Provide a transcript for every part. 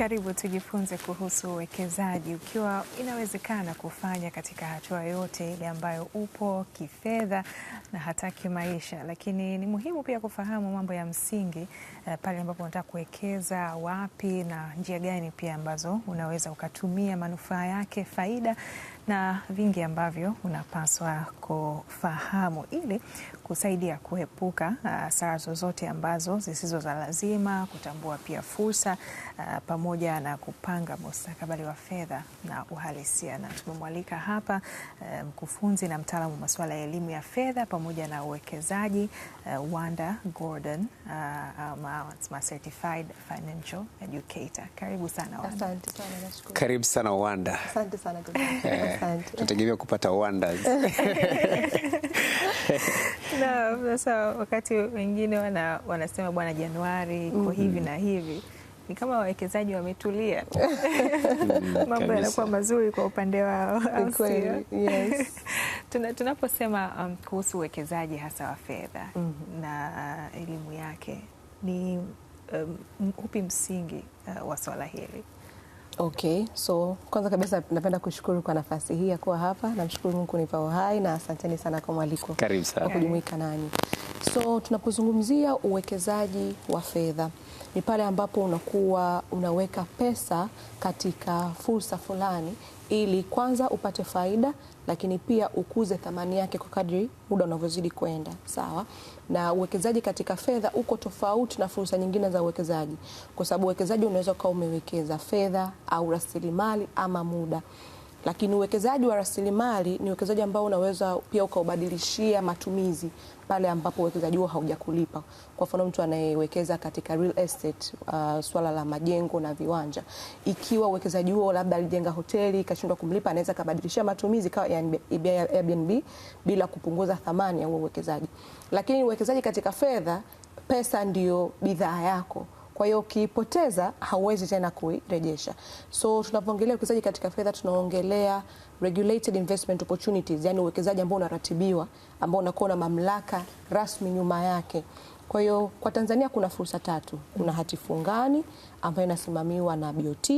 Karibu tujifunze kuhusu uwekezaji ukiwa inawezekana kufanya katika hatua yote ile ambayo upo kifedha na hata kimaisha, lakini ni muhimu pia kufahamu mambo ya msingi uh, pale ambapo unataka kuwekeza wapi na njia gani pia ambazo unaweza ukatumia manufaa yake, faida na vingi ambavyo unapaswa kufahamu ili kusaidia kuepuka ah, hasara uh, zozote ambazo zisizo za lazima, kutambua pia fursa uh, pamoja na kupanga mustakabali wa fedha na uhalisia. Na tumemwalika hapa uh, mkufunzi na mtaalamu wa masuala ya elimu ya fedha pamoja na uwekezaji uh, Wanda Gordon uh, um, certified financial educator. Karibu sana Wanda. Karibu sana Wanda. Asante sana. tunategemea kupata wonders. Naam, sasa wakati wengine wana, wanasema bwana Januari kwa mhm. hivi na hivi ni kama wawekezaji wametulia, mm, mambo yanakuwa mazuri kwa upande wao. Yes. Tuna, tunaposema um, kuhusu uwekezaji hasa wa fedha mm -hmm. na uh, elimu yake ni um, upi msingi uh, wa swala hili? Okay, so kwanza kabisa napenda kushukuru kwa nafasi hii ya kuwa hapa. Namshukuru Mungu kunipa uhai na asanteni sana kwa mwaliko. Karibu sana. Kwa kujumuika nani. So tunapozungumzia uwekezaji wa fedha ni pale ambapo unakuwa unaweka pesa katika fursa fulani ili kwanza upate faida, lakini pia ukuze thamani yake kwa kadri muda unavyozidi kwenda. Sawa na uwekezaji katika fedha uko tofauti na fursa nyingine za uwekezaji, kwa sababu uwekezaji unaweza ukawa umewekeza fedha au rasilimali ama muda lakini uwekezaji wa rasilimali ni uwekezaji ambao unaweza pia ukaubadilishia matumizi pale ambapo uwekezaji huo haujakulipa. Kwa mfano, mtu anayewekeza katika real estate uh, swala la majengo na viwanja, ikiwa uwekezaji huo labda alijenga hoteli ikashindwa kumlipa, anaweza kabadilishia matumizi kawa Airbnb bila kupunguza thamani ya huo uwekezaji. Lakini uwekezaji katika fedha, pesa ndiyo bidhaa yako. Kwa hiyo ukiipoteza hauwezi tena kuirejesha. So tunapoongelea uwekezaji katika fedha tunaongelea regulated investment opportunities, yani uwekezaji ambao unaratibiwa, ambao unakuwa na mamlaka rasmi nyuma yake. Kwa hiyo kwa Tanzania kuna fursa tatu. Kuna hati fungani ambayo inasimamiwa na BOT,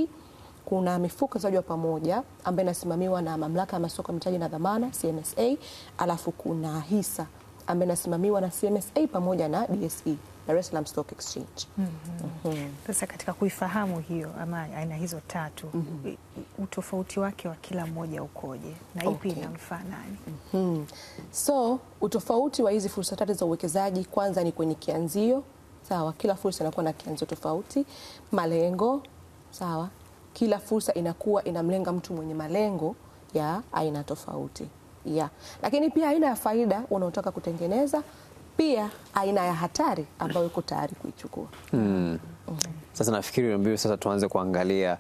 kuna mifuko ya wa pamoja ambayo inasimamiwa na mamlaka ya masoko ya mitaji na dhamana CMSA, alafu kuna hisa ambaye anasimamiwa na CMSA pamoja na DSE Dar es Salaam Stock Exchange. mm -hmm. Mm -hmm. Sasa katika kuifahamu hiyo ama aina hizo tatu mm -hmm. utofauti wake wa kila mmoja ukoje na ipi inamfaa nani? mm -hmm. So utofauti wa hizi fursa tatu za uwekezaji kwanza ni kwenye kianzio, sawa. Kila fursa inakuwa na kianzio tofauti, malengo, sawa. Kila fursa inakuwa inamlenga mtu mwenye malengo ya aina tofauti yeah. Lakini pia aina ya faida unaotaka kutengeneza, pia aina ya hatari ambayo uko tayari kuichukua. hmm. mm. Sasa nafikiri mbio, sasa tuanze kuangalia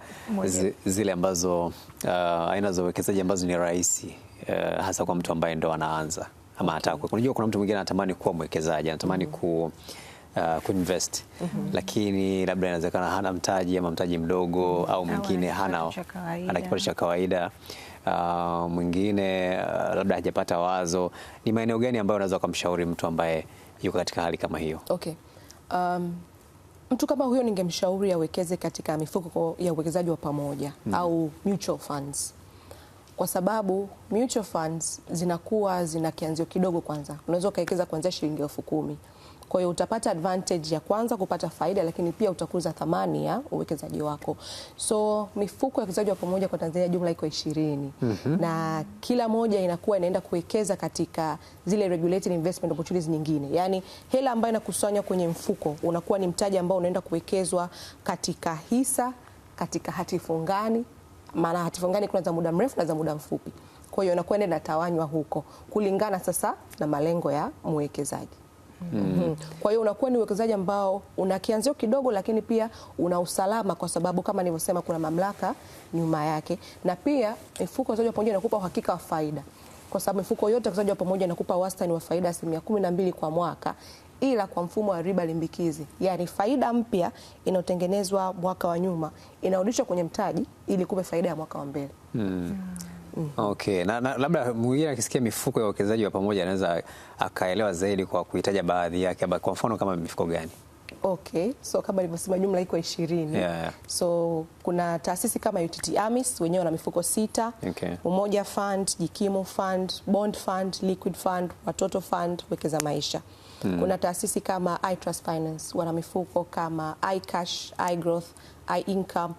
zile ambazo uh, aina za uwekezaji ambazo ni rahisi uh, hasa kwa mtu ambaye ndo anaanza ama okay. Unajua kuna mtu mwingine anatamani kuwa mwekezaji, anatamani mm ku Uh, kuinvest mm -hmm. Lakini labda inawezekana hana mtaji ama mtaji mdogo, mm-hmm. au mwingine hana ana kipato cha kawaida uh, mwingine uh, labda hajapata wazo, ni maeneo gani ambayo unaweza kumshauri mtu ambaye yuko katika hali kama hiyo? Okay. Um, mtu kama huyo ningemshauri awekeze katika mifuko ya uwekezaji wa pamoja mm. au mutual funds kwa sababu mutual funds zinakuwa zina kianzio kidogo. Kwanza unaweza ukawekeza kuanzia shilingi elfu kumi. Kwa hiyo utapata advantage ya kwanza kupata faida, lakini pia utakuza thamani ya uwekezaji wako. So mifuko ya uwekezaji wa pamoja kwa Tanzania jumla iko ishirini mm -hmm. na kila moja inakuwa inaenda kuwekeza katika zile regulated investment opportunities nyingine, yaani hela ambayo inakusanywa kwenye mfuko unakuwa ni mtaji ambao unaenda kuwekezwa katika hisa, katika hati fungani, maana hati fungani kuna za muda mrefu na za muda mfupi. Kwa hiyo inakuwa inatawanywa huko kulingana sasa na malengo ya mwekezaji. Mm. Kwa hiyo unakuwa ni uwekezaji ambao una kianzio kidogo, lakini pia una usalama, kwa sababu kama nilivyosema, kuna mamlaka nyuma yake, na pia mifuko ya uwekezaji wa pamoja inakupa uhakika wa faida, kwa sababu mifuko yote ya uwekezaji wa pamoja inakupa wastani wa faida asilimia kumi na mbili kwa mwaka ila kwa mfumo wa riba limbikizi, yaani faida mpya inayotengenezwa mwaka wa nyuma inarudishwa kwenye mtaji ili kupe faida ya mwaka wa mbele. Hmm. Mm. Okay. Na, na labda mwingine akisikia mifuko ya uwekezaji wa pamoja anaweza akaelewa zaidi kwa kuitaja baadhi yake, kwa mfano kama mifuko gani? Okay, so kama nilivyosema jumla iko ishirini. Yeah. So kuna taasisi kama UTT AMIS wenyewe wana mifuko sita. Okay. Umoja Fund, Jikimu Fund, Bond Fund, Liquid Fund, Watoto Fund, Wekeza Maisha. Hmm. Kuna taasisi kama iTrust Finance wana mifuko kama iCash, iGrowth, iIncome,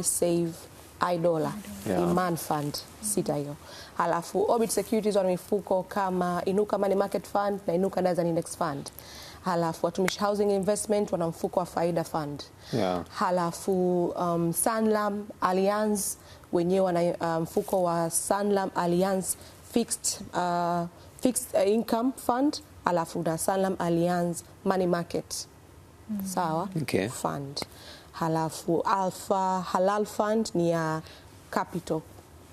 iSave iDollar yeah. Iman Fund sita hiyo, alafu Orbit Securities wana mifuko kama Inuka Money Market Fund na Inuka Dazzle Index Fund halafu watumishi housing investment wana mfuko wa faida fund yeah. Halafu um, Sanlam Alliance wenyewe wana uh, mfuko um, wa Sanlam Alliance fixed, uh, fixed uh, income fund halafu na Sanlam Alliance money market mm. sawa okay. fund halafu Alpha Halal Fund ni ya Capital,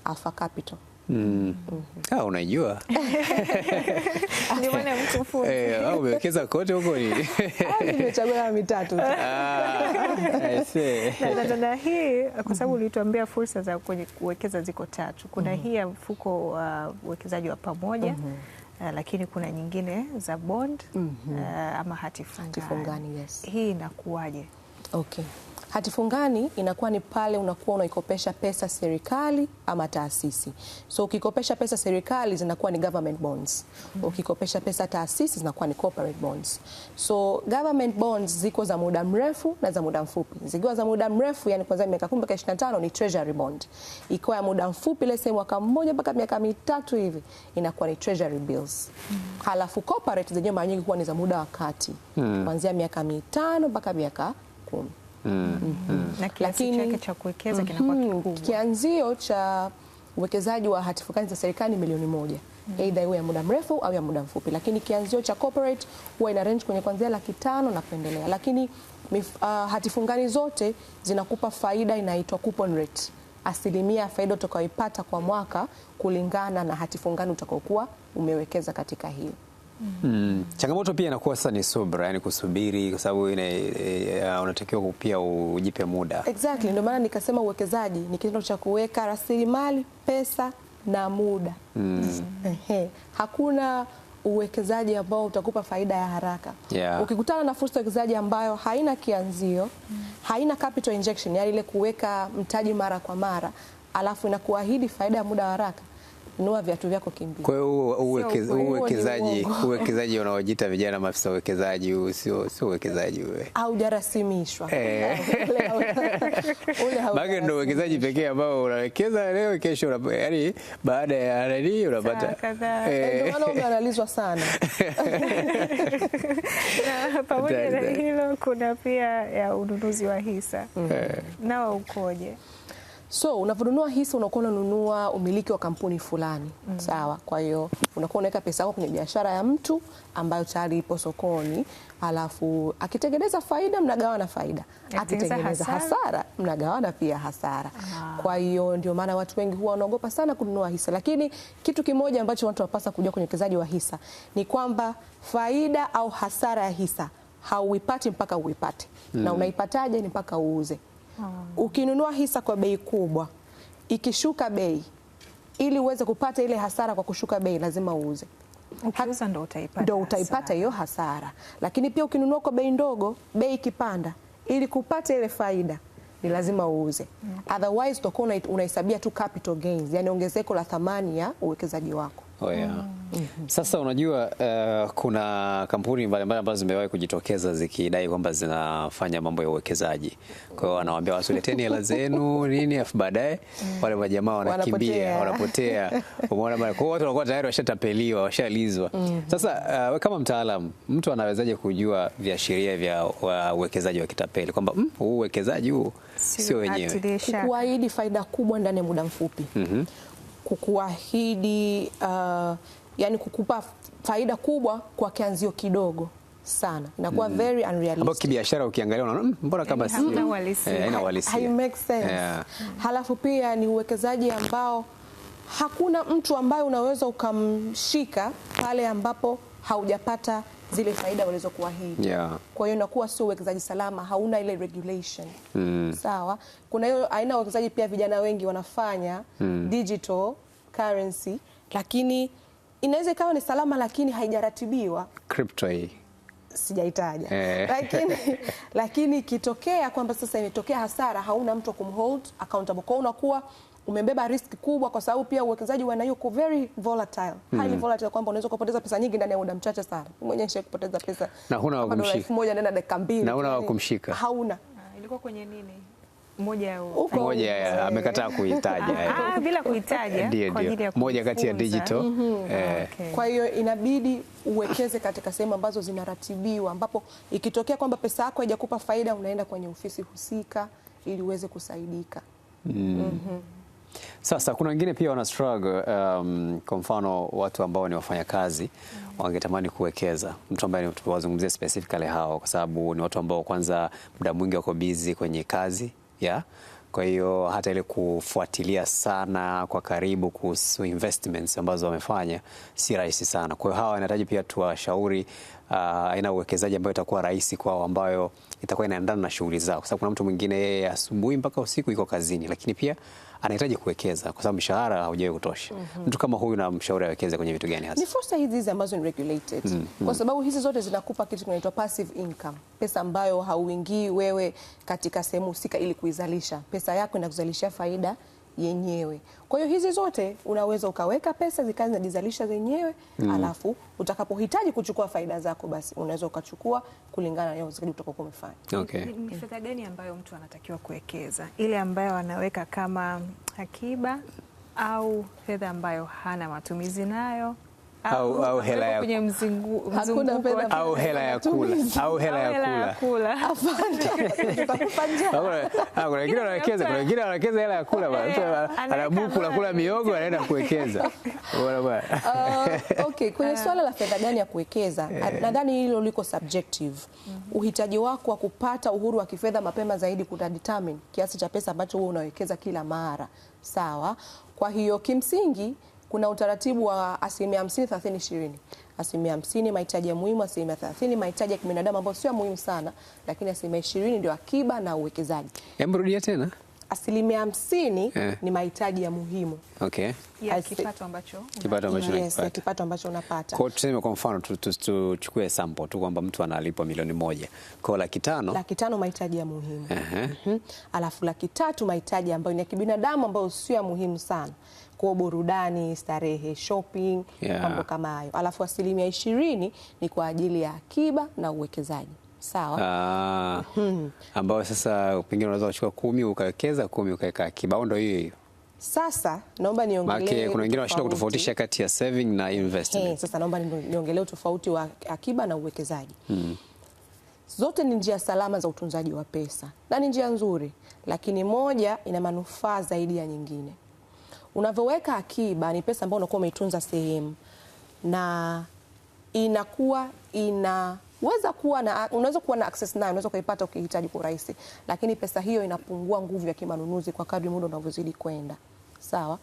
Alpha Capital. Mm. Mm Unajua ni mwana mkufunzi eh, au umewekeza kote huko ni nimechagua mitatu ah, na hii kwa sababu ulituambia fursa za kwenye kuwekeza ziko tatu. Kuna mhm. hii ya mfuko wa uwekezaji wa pamoja uh, lakini kuna nyingine za bond mm -hmm. uh, ama hati fungani. Hati fungani, yes. Hii inakuwaje? Okay. Hati fungani inakuwa ni pale unakuwa unaikopesha pesa serikali ama taasisi. So ukikopesha pesa serikali zinakuwa ni government bonds. Mm-hmm. Ukikopesha pesa taasisi zinakuwa ni corporate bonds. So government bonds ziko za muda mrefu na za muda mfupi. Zikiwa za muda mrefu, yani kwanza miaka 10 mpaka 25 ni treasury bond. Ikiwa ya muda mfupi ile lese mwaka mmoja mpaka miaka mitatu hivi inakuwa ni treasury bills. Mm-hmm. Halafu corporate zenyewe mara nyingi huwa ni za muda wa kati. Hmm. Kuanzia miaka mitano mpaka miaka kumi. Mm-hmm. na kiasi chake cha kuwekeza kinakuwa mm-hmm. kikubwa. Kianzio cha uwekezaji wa hati za serikali milioni moja mm -hmm. Aidha iwe ya muda mrefu au ya muda mfupi, lakini kianzio cha corporate huwa ina range kwenye kuanzia laki tano na kuendelea, lakini mif, uh, ah, hati fungani zote zinakupa faida inaitwa coupon rate, asilimia ya faida utakayoipata kwa mwaka kulingana na hati fungani utakaokuwa umewekeza katika hiyo. Mm. mm. Changamoto pia inakuwa sasa ni subra, yani kusubiri kwa sababu eh, eh, unatakiwa pia ujipe muda. Exactly, ndio maana nikasema uwekezaji ni kitendo cha kuweka rasilimali, pesa na muda. Mm. Ehe. Hakuna uwekezaji ambao utakupa faida ya haraka. Yeah. Ukikutana na fursa ya uwekezaji ambayo haina kianzio, mm. haina capital injection, yani ile kuweka mtaji mara kwa mara, alafu inakuahidi faida ya muda wa haraka nua viatu vyako kimbia. Kwa hiyo uwekezaji uwekezaji unaojiita vijana maafisa uwekezaji huu sio sio uwekezaji wewe. Haujarasimishwa. Ule eh. Bage Ndio uwekezaji pekee ambao unawekeza leo kesho yaani baada ya nani unapata. Eh. Eh, ndio maana umeanalizwa sana. Na pamoja na hilo kuna pia ya ununuzi wa hisa. Nao ukoje? So unavyonunua hisa unakuwa unanunua umiliki wa kampuni fulani mm. Sawa. Kwa hiyo unakuwa unaweka pesa yako kwenye biashara ya mtu ambayo tayari ipo sokoni, alafu akitengeneza faida mnagawana faida, akitengeneza hasara mnagawana pia hasara. ah. Kwa hiyo ndio maana watu wengi huwa wanaogopa sana kununua hisa, lakini kitu kimoja ambacho watu wapasa kujua kwenye uwekezaji wa hisa ni kwamba faida au hasara ya hisa hauipati mpaka uipate mm. na unaipataje? Ni mpaka uuze Ah. Ukinunua hisa kwa bei kubwa, ikishuka bei, ili uweze kupata ile hasara kwa kushuka bei, lazima uuze. Ukiuza ndo utaipata, ndo utaipata hiyo hasara. Lakini pia ukinunua kwa bei ndogo, bei ikipanda, ili kupata ile faida ni lazima uuze. Mm. Otherwise utakuwa unahesabia tu capital gains, yani ongezeko la thamani ya uwekezaji wako. Oh, yeah. Mm-hmm. Mm-hmm. Sasa unajua uh, kuna kampuni mbalimbali ambazo zimewahi kujitokeza zikidai kwamba zinafanya mambo ya uwekezaji. Kwa hiyo anawaambia watu leteni hela zenu nini, afu baadaye mm. wale majamaa wanakimbia, wanapotea. Umeona bana. kwa hiyo watu wanakuwa tayari washatapeliwa, washalizwa. Mm-hmm. Sasa uh, kama mtaalamu, mtu anawezaje kujua viashiria vya uwekezaji wa kitapeli kwamba hmm, huu mm, uwekezaji huu sio wenyewe, kuahidi faida kubwa ndani ya muda mfupi mm -hmm kukuahidi uh, yani kukupa faida kubwa kwa kianzio kidogo sana inakuwa mm. very unrealistic. Ambapo kibiashara ukiangalia unaona mm, mbona kama yaani si eh, haina uhalisia. Hai make sense. Yeah. Halafu pia ni uwekezaji ambao hakuna mtu ambaye unaweza ukamshika pale ambapo haujapata zile faida walizokuahidi. Yeah. Kwa hiyo inakuwa sio uwekezaji salama, hauna ile regulation. Mm. Sawa. Kuna hiyo aina ya uwekezaji pia vijana wengi wanafanya mm. digital currency lakini inaweza ikawa ni salama lakini haijaratibiwa. Crypto hii sijaitaja eh. Lakini, lakini ikitokea kwamba sasa imetokea hasara, hauna mtu wa kumhold accountable, kwa unakuwa umebeba riski kubwa, kwa sababu pia uwekezaji wa nayo hiyo uko very volatile, highly hmm. volatile, kwamba unaweza kupoteza pesa nyingi ndani ya muda mchache sana. Mwenyewe kupoteza pesa na huna wakumshika moja ndani ya dakika mbili na huna wakumshika hauna. Ah, ilikuwa kwenye nini? Moja moja eh. amekataa kuitaja ah, eh. ah, bila kuitaja, eh? moja kati ya digital. Mhm. Mm-hmm. eh. okay. Kwa hiyo inabidi uwekeze katika sehemu ambazo zinaratibiwa, ambapo ikitokea kwamba pesa yako haijakupa faida, unaenda kwenye ofisi husika ili uweze kusaidika. mm. Mm -hmm. Sasa kuna wengine pia wana struggle um, kwa mfano watu ambao ni wafanyakazi mm -hmm. wangetamani kuwekeza, mtu ambaye tuwazungumzia specifically hao, kwa sababu ni watu ambao kwanza muda mwingi wako busy kwenye kazi yeah? Kwa hiyo hata ile kufuatilia sana kwa karibu kuhusu investments ambazo wamefanya si rahisi sana. Kwa hiyo hawa wanahitaji pia tuwashauri uh, aina uh, uwekezaji ambayo itakuwa rahisi kwao, ambayo itakuwa inaendana na shughuli zao, kwa sababu kuna mtu mwingine yeye asubuhi mpaka usiku iko kazini, lakini pia anahitaji kuwekeza kwa sababu mshahara haujawe kutosha. mm -hmm. Mtu kama huyu na mshauri awekeze kwenye vitu gani hasa? Ni fursa hizi hizi ambazo ni regulated. mm -hmm. Kwa sababu hizi zote zinakupa kitu kinaitwa passive income, pesa ambayo hauingii wewe katika sehemu husika ili kuizalisha. Pesa yako inakuzalishia faida yenyewe. Kwa hiyo hizi zote unaweza ukaweka pesa zikawa zinajizalisha zenyewe mm. Alafu utakapohitaji kuchukua faida zako, basi unaweza ukachukua kulingana na uwekezaji utakokuwa umefanya. Okay. Ni fedha gani ambayo mtu anatakiwa kuwekeza? Ile ambayo anaweka kama akiba au fedha ambayo hana matumizi nayo? au, au hela ya kwenye mzunguko, hakuna pesa au hela ya kula au hela ya kula. Hapana, kuna wengine wanawekeza, kuna wengine wanawekeza hela ya kula bwana, eh, ana buku la kula miogo anaenda kuwekeza, bwana bwana. Uh, okay, kwenye swala la fedha gani ya kuwekeza, eh. nadhani hilo liko subjective. Mhm. Uhitaji wako wa kupata uhuru wa kifedha mapema zaidi kuna determine kiasi cha pesa ambacho wewe unawekeza kila mara, sawa. Kwa hiyo kimsingi kuna utaratibu wa asilimia hamsini thelathini ishirini asilimia hamsini mahitaji ya muhimu, asilimia thelathini mahitaji ya kibinadamu ambayo sio muhimu sana, lakini asilimia ishirini ndio akiba na uwekezaji. Hebu rudia tena, asilimia hamsini yeah. ni mahitaji ya muhimu kipato ambacho unapata. Kwa tuseme kwa mfano tuchukue sample tu kwamba mtu analipwa milioni moja kwa laki tano laki tano mahitaji ya muhimu uh -huh. mm -hmm. alafu laki tatu mahitaji ambayo ni ya kibinadamu ambayo sio ya muhimu sana kwa burudani, starehe, shopping, yeah. mambo kama hayo, alafu asilimia ishirini ni kwa ajili ya akiba na uwekezaji sawa ah, hmm. ambayo sasa pengine unaweza kuchukua kumi ukawekeza kumi ukaweka akiba au ndio hiyo hiyo sasa naomba niongelee, kuna wengine wanashindwa kutofautisha kati ya saving na investment. Hey, eh, sasa naomba niongelee utofauti wa akiba na uwekezaji hmm. Zote ni njia salama za utunzaji wa pesa na ni njia nzuri, lakini moja ina manufaa zaidi ya nyingine unavyoweka akiba ni pesa ambayo unakuwa umeitunza sehemu na inakuwa inaweza kuwa na unaweza kuwa na access nayo, unaweza kuipata ukihitaji kwa urahisi, lakini pesa hiyo inapungua nguvu ya kimanunuzi kwa kadri muda unavyozidi kwenda. Sawa.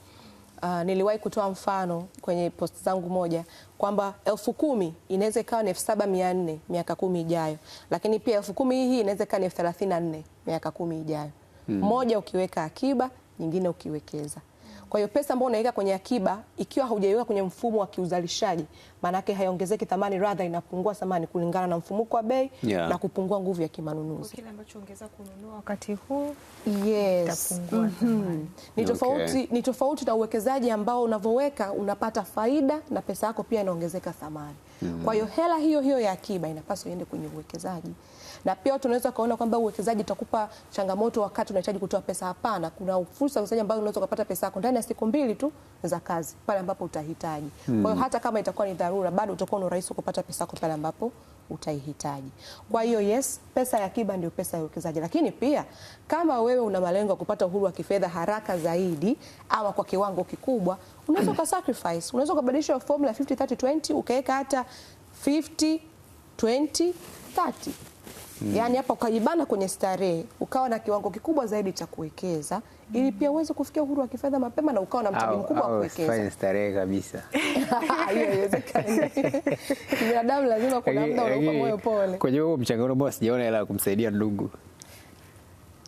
Uh, niliwahi kutoa mfano kwenye post zangu moja kwamba elfu kumi inaweza ikawa ni elfu saba mia nne miaka kumi ijayo, lakini pia elfu kumi hii inaweza ikawa ni elfu thelathini na nne miaka kumi ijayo. Hmm. Moja ukiweka akiba, nyingine ukiwekeza. Kwa hiyo pesa ambayo unaweka kwenye akiba ikiwa haujaiweka kwenye mfumo wa kiuzalishaji, maana yake haiongezeki thamani, rather inapungua thamani kulingana na mfumuko wa bei yeah. na kupungua nguvu ya kimanunuzi. Kile ambacho ungeza kununua wakati huu yes. mm -hmm. ni tofauti okay. ni tofauti na uwekezaji ambao unavyoweka unapata faida na pesa yako pia inaongezeka thamani. Kwa hiyo hela hiyo hiyo ya akiba inapaswa iende kwenye uwekezaji. Na pia watu unaweza kaona kwamba uwekezaji utakupa changamoto wakati unahitaji kutoa pesa. Hapana, kuna fursa za ambazo unaweza kupata pesa yako ndani ya siku mbili tu za kazi pale ambapo utahitaji. Mm. Kwa hiyo hmm. hata kama itakuwa ni dharura, bado utakuwa na urahisi kupata pesa yako pale ambapo utaihitaji. Kwa hiyo yes, pesa ya akiba ndio pesa ya uwekezaji, lakini pia kama wewe una malengo ya kupata uhuru wa kifedha haraka zaidi au kwa kiwango kikubwa, unaweza sacrifice, unaweza ukabadilisha formula 50 30 20 ukaweka hata 50 20 30 Hmm. Yaani hapa ukajibana kwenye starehe ukawa na kiwango kikubwa zaidi cha kuwekeza hmm. ili pia uweze kufikia uhuru wa kifedha mapema na ukawa na mtaji mkubwa wa kuwekeza. Fanya starehe kabisa. Hiyo haiwezekani. Binadamu lazima kuna muda unaupa moyo pole. Kwenye huo mchangano basi sijaona hela ya kumsaidia ndugu.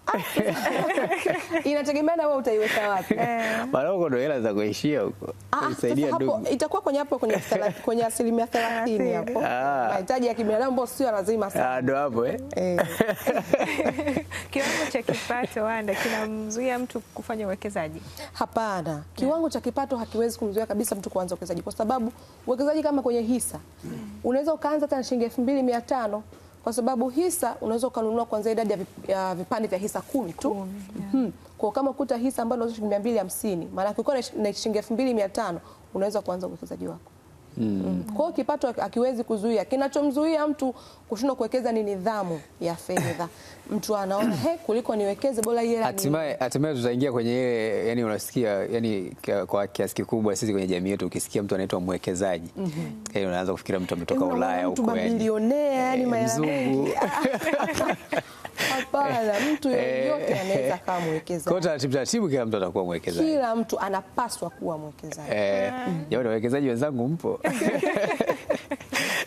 inategemea na wewe utaiweka wapi. Eh. Maroko huko ndo hela za kuishia huko. Kusaidia ah, ndugu. Itakuwa kwenye hapo kwenye kwenye asilimia 30 hapo. Ah. Mahitaji ya kibinadamu ambayo sio lazima sana. Ah, ndo hapo eh. eh. Kiwango cha kipato Wanda kinamzuia mtu kufanya uwekezaji? Hapana. Eh. Kiwango cha kipato hakiwezi kumzuia kabisa mtu kuanza uwekezaji kwa sababu uwekezaji kama kwenye hisa hmm. unaweza ukaanza hata na shilingi 2500 kwa sababu hisa unaweza ukanunua kuanzia idadi ya vipande vya hisa kumi tu yeah. -hmm. Kwa kama ukuta hisa ambayo unauza shilingi mia mbili hamsini maanake ukiwa na shilingi elfu mbili mia tano unaweza kuanza uwekezaji wako. Mm. mm. Kwa hiyo kipato akiwezi kuzuia. Kinachomzuia mtu kushindwa kuwekeza ni nidhamu ya fedha. Mtu anaona he, kuliko niwekeze bora hii Hatimaye hatimaye tutaingia kwenye ile, yani unasikia, yani kwa kiasi kikubwa sisi kwenye jamii yetu ukisikia mtu anaitwa mwekezaji. Mm -hmm. Yani unaanza kufikira mtu ametoka Ulaya huko yani. Mtu bilionea yani eh, mzungu. Hapana, mtu yeyote anaweza kuwa mwekezaji. Kwa taratibu taratibu, kila mtu atakuwa mwekezaji. Kila mtu anapaswa kuwa mwekezaji. Eh, eh. jamani wawekezaji wenzangu mpo?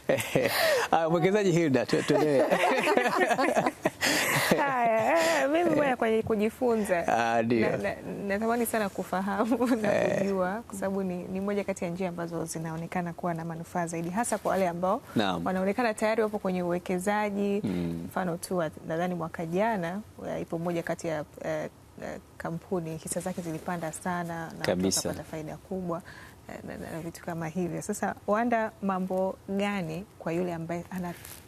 Eh, ah, mwekezaji Hilda tuendelee. Haya, eh, mimi bwana kwa kujifunza ah, natamani na, na sana kufahamu na eh. kujua kwa sababu ni, ni moja kati ya njia ambazo zinaonekana kuwa na manufaa zaidi hasa kwa wale ambao wanaonekana tayari wapo kwenye uwekezaji hmm. mfano mm. tu nadhani mwaka jana eh, ipo moja kati ya uh, kampuni hisa zake zilipanda sana na akapata faida kubwa Eh, na vitu kama hivyo. Sasa Wanda, mambo gani kwa yule ambaye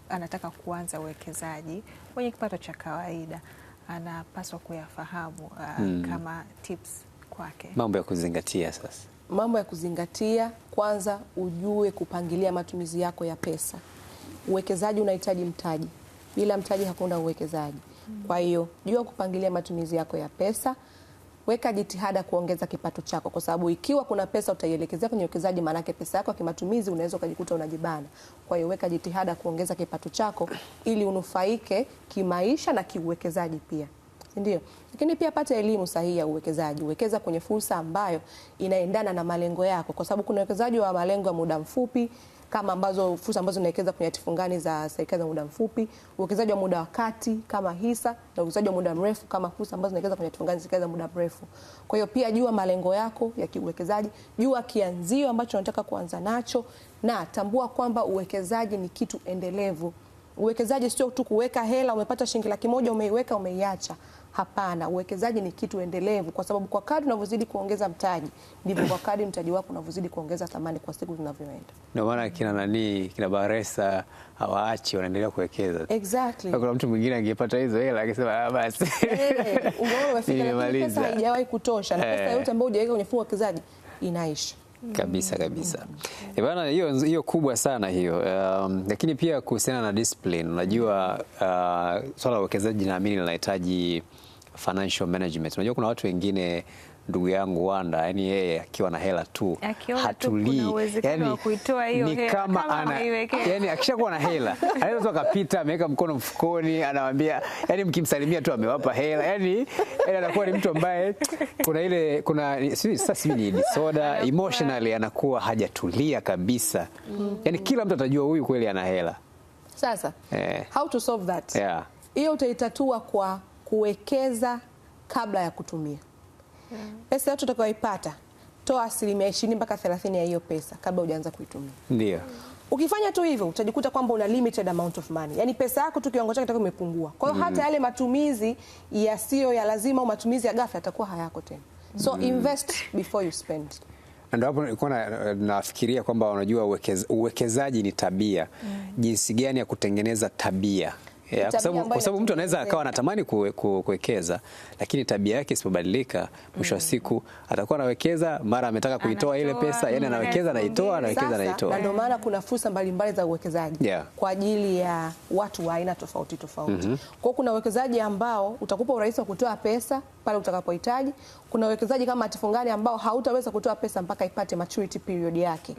anataka kuanza uwekezaji kwenye kipato cha kawaida anapaswa kuyafahamu eh, hmm. kama tips kwake, mambo ya kuzingatia? Sasa mambo ya kuzingatia, kwanza ujue kupangilia matumizi yako ya pesa. Uwekezaji unahitaji mtaji, bila mtaji hakuna uwekezaji. Hmm. Kwa hiyo jua kupangilia matumizi yako ya pesa weka jitihada kuongeza kipato chako, kwa sababu ikiwa kuna pesa utaielekezea kwenye uwekezaji, maanake pesa yako ya kimatumizi unaweza ukajikuta unajibana. Kwa hiyo weka jitihada kuongeza kipato chako ili unufaike kimaisha na kiuwekezaji pia. Ndio. Lakini pia pata elimu sahihi ya uwekezaji. Wekeza kwenye fursa ambayo inaendana na malengo yako, kwa sababu kuna uwekezaji wa malengo ya muda mfupi kama ambazo fursa ambazo zinawekeza kwenye hatifungani za serikali za muda mfupi, uwekezaji wa muda wa kati kama hisa na uwekezaji wa muda mrefu kama fursa ambazo zinawekeza kwenye hatifungani za serikali za muda mrefu. Kwa hiyo pia jua malengo yako ya kiuwekezaji, jua kianzio ambacho unataka kuanza nacho, na tambua kwamba uwekezaji ni kitu endelevu. Uwekezaji sio tu kuweka hela, umepata shilingi laki moja umeiweka umeiacha. Hapana, uwekezaji ni kitu endelevu, kwa sababu kwa kadri unavyozidi kuongeza mtaji ndivyo kwa kadri mtaji wako unavyozidi kuongeza thamani kwa siku zinavyoenda. Ndio maana kina nani, kina Baresa hawaachi, wanaendelea kuwekeza. Exactly. Kuna mtu mwingine angepata hizo hela akisema ah, basi eh, ungeona umefika, pesa haijawahi kutosha, na pesa yote ambayo hujaweka kwenye mfumo wa uwekezaji inaisha kabisa kabisa. Mm. E eh, bana, hiyo hiyo kubwa sana hiyo. Um, lakini pia kuhusiana na discipline, unajua uh, swala la uwekezaji naamini linahitaji financial management. Unajua kuna watu wengine ndugu yangu Wanda, yani yeye akiwa na hela tu hatulii, yani ni kama ana yani, akishakuwa na hela anaweza tu akapita, ameweka mkono mfukoni, anawaambia yani, mkimsalimia tu amewapa hela, yani anakuwa ni mtu ambaye kuna ile kuna sasa si ni disorder emotionally, anakuwa hajatulia kabisa mm. Yani kila mtu atajua huyu kweli ana hela. Sasa eh, how to solve that hiyo Utaitatua kwa kuwekeza kabla ya kutumia mm. pesa yote utakayoipata toa asilimia ishirini mpaka thelathini ya hiyo pesa kabla hujaanza kuitumia. Ndio. Ukifanya tu hivyo utajikuta kwamba una limited amount of money, yaani pesa yako tu kiwango chake kitakuwa kimepungua. Kwa hiyo mm hata yale matumizi yasiyo ya lazima au matumizi ya ghafla yatakuwa hayako tena, so mm invest before you spend ndio hapo nilikuwa eh, nafikiria kwamba unajua uwekezaji ni tabia. mm. Jinsi gani ya kutengeneza tabia yeah, kwa sababu mtu anaweza akawa anatamani kuwekeza lakini tabia yake isipobadilika, mwisho wa mm. siku atakuwa anawekeza, mara ametaka kuitoa ile pesa, yani mm, anawekeza anaitoa, anawekeza anaitoa. Na ndio maana kuna fursa mbalimbali za uwekezaji yeah, kwa ajili ya watu wa aina tofauti tofauti. mm -hmm. Kwa kuna uwekezaji ambao utakupa urahisi wa kutoa pesa pale utakapohitaji. Kuna uwekezaji kama hatifungani ambao hautaweza kutoa pesa mpaka ipate maturity period yake,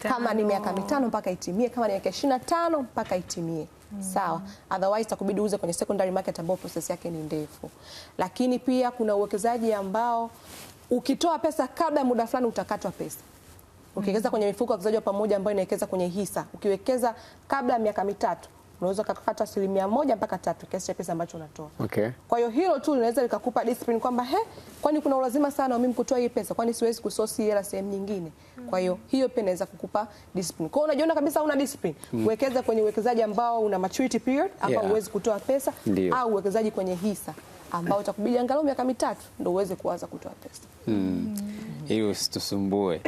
kama ni miaka mitano mpaka itimie, kama ni miaka 25 mpaka itimie mm. Sawa, otherwise itakubidi uze kwenye secondary market ambapo process yake ni ndefu. Lakini pia kuna uwekezaji ambao ukitoa pesa kabla ya muda fulani utakatwa pesa ukiwekeza kwenye mifuko ya uwekezaji wa pamoja ambayo inawekeza kwenye hisa, ukiwekeza kabla ya miaka mitatu unaweza kukata asilimia moja mpaka tatu kiasi cha pesa ambacho unatoa. Okay. Kwa hiyo hilo tu linaweza likakupa discipline kwamba he, kwani kuna ulazima sana mimi kutoa hii pesa, kwani siwezi kusosi hela sehemu nyingine. Kwa hiyo hiyo pia inaweza kukupa discipline. Kwa hiyo unajiona kabisa una discipline. Mm. Wekeza kwenye uwekezaji ambao una maturity period ambao yeah, huwezi kutoa pesa Ndiyo. au uwekezaji kwenye hisa ambao utakubidi angalau miaka mitatu ndio uweze kuanza kutoa pesa. Mm. Ili usitusumbue.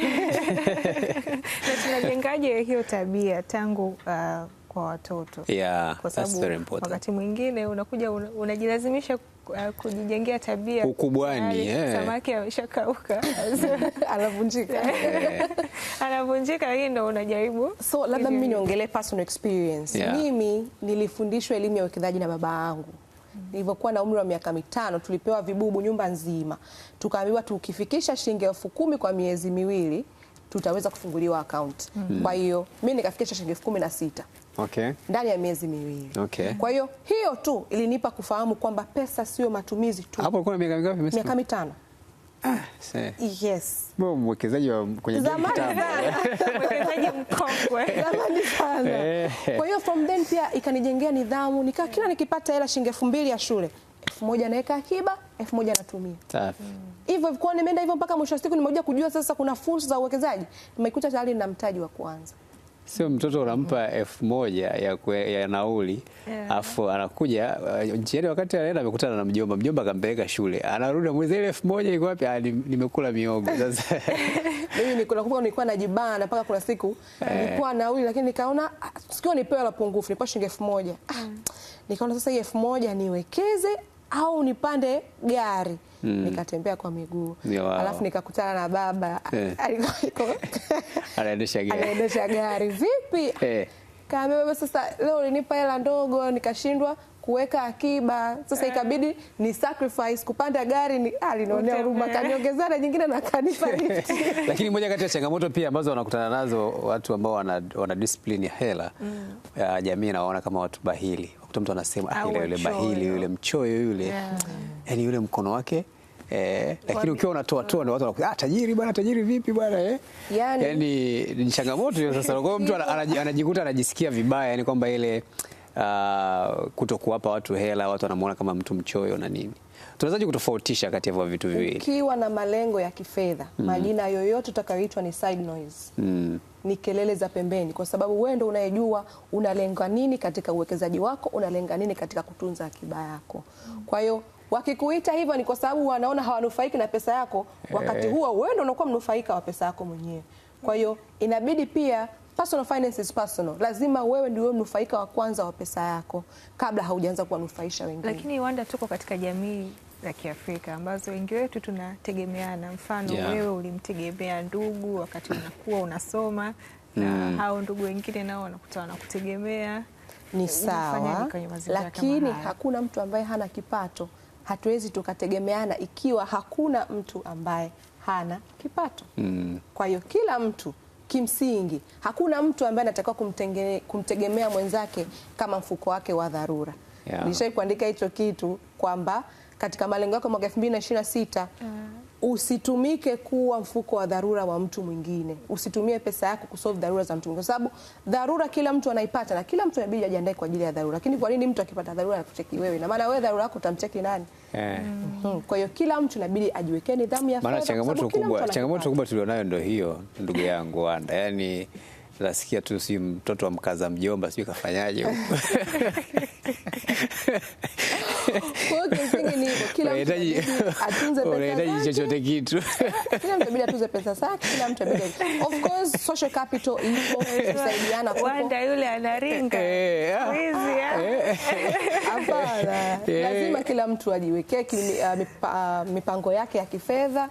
Na tunajengaje hiyo tabia tangu uh, kwa watoto yeah, kwa sababu wakati mwingine unakuja unajilazimisha uh, kujijengea tabia ukubwani, eh. samaki ameshakauka anavunjika eh. anavunjika, lakini ndo unajaribu. So labda mimi niongelee personal experience yeah. Mimi nilifundishwa elimu ya uwekezaji na baba yangu mm. nilivyokuwa na umri wa miaka mitano tulipewa vibubu nyumba nzima, tukaambiwa tukifikisha shilingi elfu kumi kwa miezi miwili tutaweza kufunguliwa akaunti. Mm. Kwa hiyo mimi nikafikisha shilingi elfu kumi na sita okay. ndani ya miezi miwili okay. Kwa hiyo hiyo tu ilinipa kufahamu kwamba pesa sio matumizi tu. Hapo kuna miaka mingapi? Miaka mitano. Ah, yes. Mwekezaji mkongwe zamani sana. Eh. Kwa hiyo from then pia ikanijengea nidhamu, nikaa kila nikipata hela shilingi elfu mbili ya shule elfu moja naweka akiba, elfu moja natumia. Safi. Mm. Hivyo mm. Kwa nimeenda hivyo mpaka mwisho wa siku nimekuja kujua sasa kuna fursa za uwekezaji, nimekuta tayari nina mtaji wa kwanza sio mtoto unampa elfu moja ya, kwe, ya nauli yeah. Afu anakuja uh, njiani, wakati anaenda amekutana na mjomba, mjomba akampeleka shule, anarudi amuuliza ile elfu moja iko wapi? Ah, nimekula miogo sasa mimi nikula, kumbe nilikuwa najibana mpaka kuna siku eh. nilikuwa nauli, lakini nikaona ah, sikio nipewe la pungufu, nilikuwa shilingi elfu moja ah, mm. nikaona sasa hii elfu moja niwekeze au nipande gari mm. Nikatembea kwa miguu wow. Alafu nikakutana na baba eh. anaendesha gari, anaendesha gari vipi eh. Kaambia baba, sasa leo ulinipa hela ndogo nikashindwa kuweka akiba sasa, eh. ikabidi ni sacrifice kupanda gari ni alinaonea ah, huruma, kaniongezea na nyingine na kanipa lifti. Lakini moja kati ya changamoto pia ambazo wanakutana nazo watu ambao wana, wana discipline ya hela mm. ya jamii, nawaona kama watu bahili unakuta mtu anasema ah, yule yule bahili yule mchoyo yule, yeah. yani yule mkono wake Eh, lakini ukiwa unatoa toa ndio watu wanakuja, ah, tajiri bwana, tajiri vipi bwana eh? Yani, yani ni changamoto hiyo sasa. Kwa mtu anajikuta anajisikia vibaya, yani kwamba ile uh, kutokuwapa watu hela, watu wanamuona kama mtu mchoyo na nini. Tunawezaje kutofautisha kati ya hivyo vitu viwili? Ukiwa na malengo ya kifedha, mm. majina yoyote utakayoitwa ni side noise. Mm ni kelele za pembeni, kwa sababu wewe ndo unayejua unalenga nini katika uwekezaji wako, unalenga nini katika kutunza akiba yako. Kwa hiyo wakikuita hivyo ni kwa sababu wanaona hawanufaiki na pesa yako, wakati eh. huo wewe ndo unakuwa mnufaika wa pesa yako mwenyewe. Kwa hiyo inabidi pia Personal finance is personal. Lazima wewe ndio mnufaika wa kwanza wa pesa yako kabla haujaanza kuwanufaisha wengine. Lakini Wanda, tuko katika jamii za Kiafrika ambazo wengi wetu tunategemeana. Mfano yeah. Wewe ulimtegemea ndugu wakati unakuwa unasoma na mm. hao ndugu wengine nao wanakuta wanakutegemea ni sawa, lakini hakuna mtu ambaye hana kipato. Hatuwezi tukategemeana ikiwa hakuna mtu ambaye hana kipato mm. Kwa hiyo kila mtu kimsingi, hakuna mtu ambaye anatakiwa kumtegemea mwenzake kama mfuko wake wa dharura yeah. Nishai kuandika hicho kitu kwamba katika malengo yako mwaka 2026 uh -huh. usitumike kuwa mfuko wa dharura wa mtu mwingine. Usitumie pesa yako kusolve dharura za mtu mwingine, kwa sababu dharura kila mtu anaipata na kila mtu anabidi ajiandae kwa ajili ya dharura. Lakini kwa nini mtu akipata dharura anakucheki wewe? Na maana wewe dharura yako utamcheki nani? Eh. Mm-hmm. Kwa hiyo kila mtu inabidi ajiwekee nidhamu ya fedha. changamoto kubwa, changamoto kubwa tulionayo ndio hiyo, ndugu yangu Wanda, yaani nasikia tu si mtoto wa mkaza mjomba, sijui kafanyaje kila mtu Unahitaji chochote kitu. Kila mtu pesa zake, kila mtu Of course social capital ipo kwa. Wanda yule anaringa. Hizi eh, ah, ah. eh. eh. Lazima kila mtu ajiwekee ah, mipango yake ya kifedha,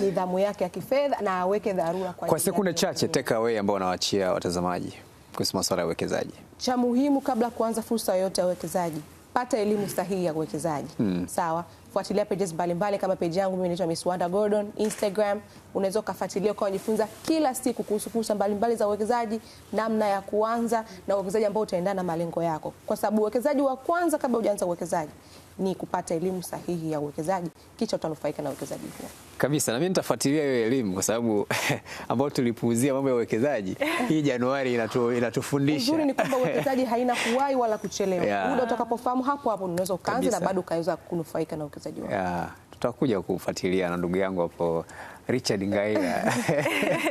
nidhamu yake ya kifedha na aweke dharura kwa. Kwa sekunde chache take away ambao wanawachia watazamaji kuhusu masuala ya uwekezaji. Cha muhimu kabla kuanza fursa yoyote ya uwekezaji pata elimu sahihi ya uwekezaji hmm. Sawa, fuatilia pages mbalimbali kama page yangu mimi naitwa Miss Wanda Gordon Instagram, unaweza ukafuatilia ukajifunza kila siku kuhusu fursa mbalimbali za uwekezaji, namna ya kuanza na uwekezaji ambao utaendana na malengo yako, kwa sababu uwekezaji wa kwanza kabla hujaanza uwekezaji ni kupata elimu sahihi ya uwekezaji, kisha utanufaika na uwekezaji huo kabisa. Na mimi nitafuatilia hiyo elimu kwa sababu ambayo tulipuuzia mambo ya uwekezaji, hii Januari inatu, inatufundisha. Uzuri ni kwamba uwekezaji haina kuwahi wala kuchelewa. Muda utakapofahamu hapo hapo unaweza ukaanza na bado ukaweza kunufaika na uwekezaji wako tutakuja kufuatilia na ndugu yangu hapo Richard Ngaila.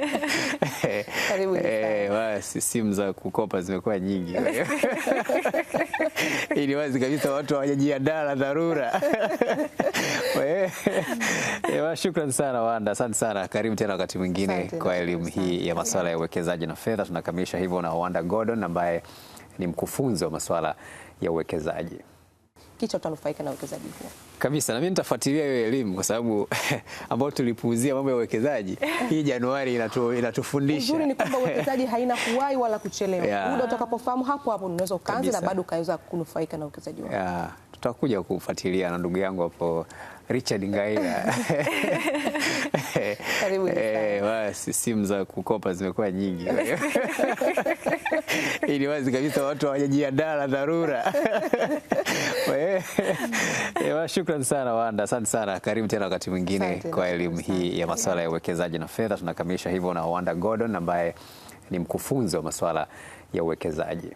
Karibu eh, basi, simu za kukopa zimekuwa nyingi, ili wazi kabisa watu hawajajiandaa na dharura. Eh, eh, Shukrani sana Wanda, asante sana, karibu tena wakati mwingine kwa elimu hii ya masuala ya uwekezaji na fedha. Tunakamilisha hivyo na Wanda Gordon ambaye ni mkufunzi wa masuala ya uwekezaji hakikisha utanufaika na uwekezaji huo kabisa. Na mimi nitafuatilia hiyo elimu kwa sababu ambayo tulipuuzia mambo ya uwekezaji, hii Januari inatu, inatufundisha. Uzuri ni kwamba uwekezaji haina kuwai wala kuchelewa yeah. Muda utakapofahamu hapo hapo unaweza ukaanza na bado ukaweza kunufaika na uwekezaji wako yeah. Tutakuja kufuatilia na ndugu yangu hapo Richard Ngaila eh, simu za kukopa zimekuwa nyingi ili wazi kabisa watu hawajajiandaa na dharura. Eh, eh, shukran sana Wanda, asante sana, karibu tena wakati mwingine kwa elimu hii ya masuala ya uwekezaji na fedha. Tunakamilisha hivyo na Wanda Gordon ambaye ni mkufunzi wa masuala ya uwekezaji.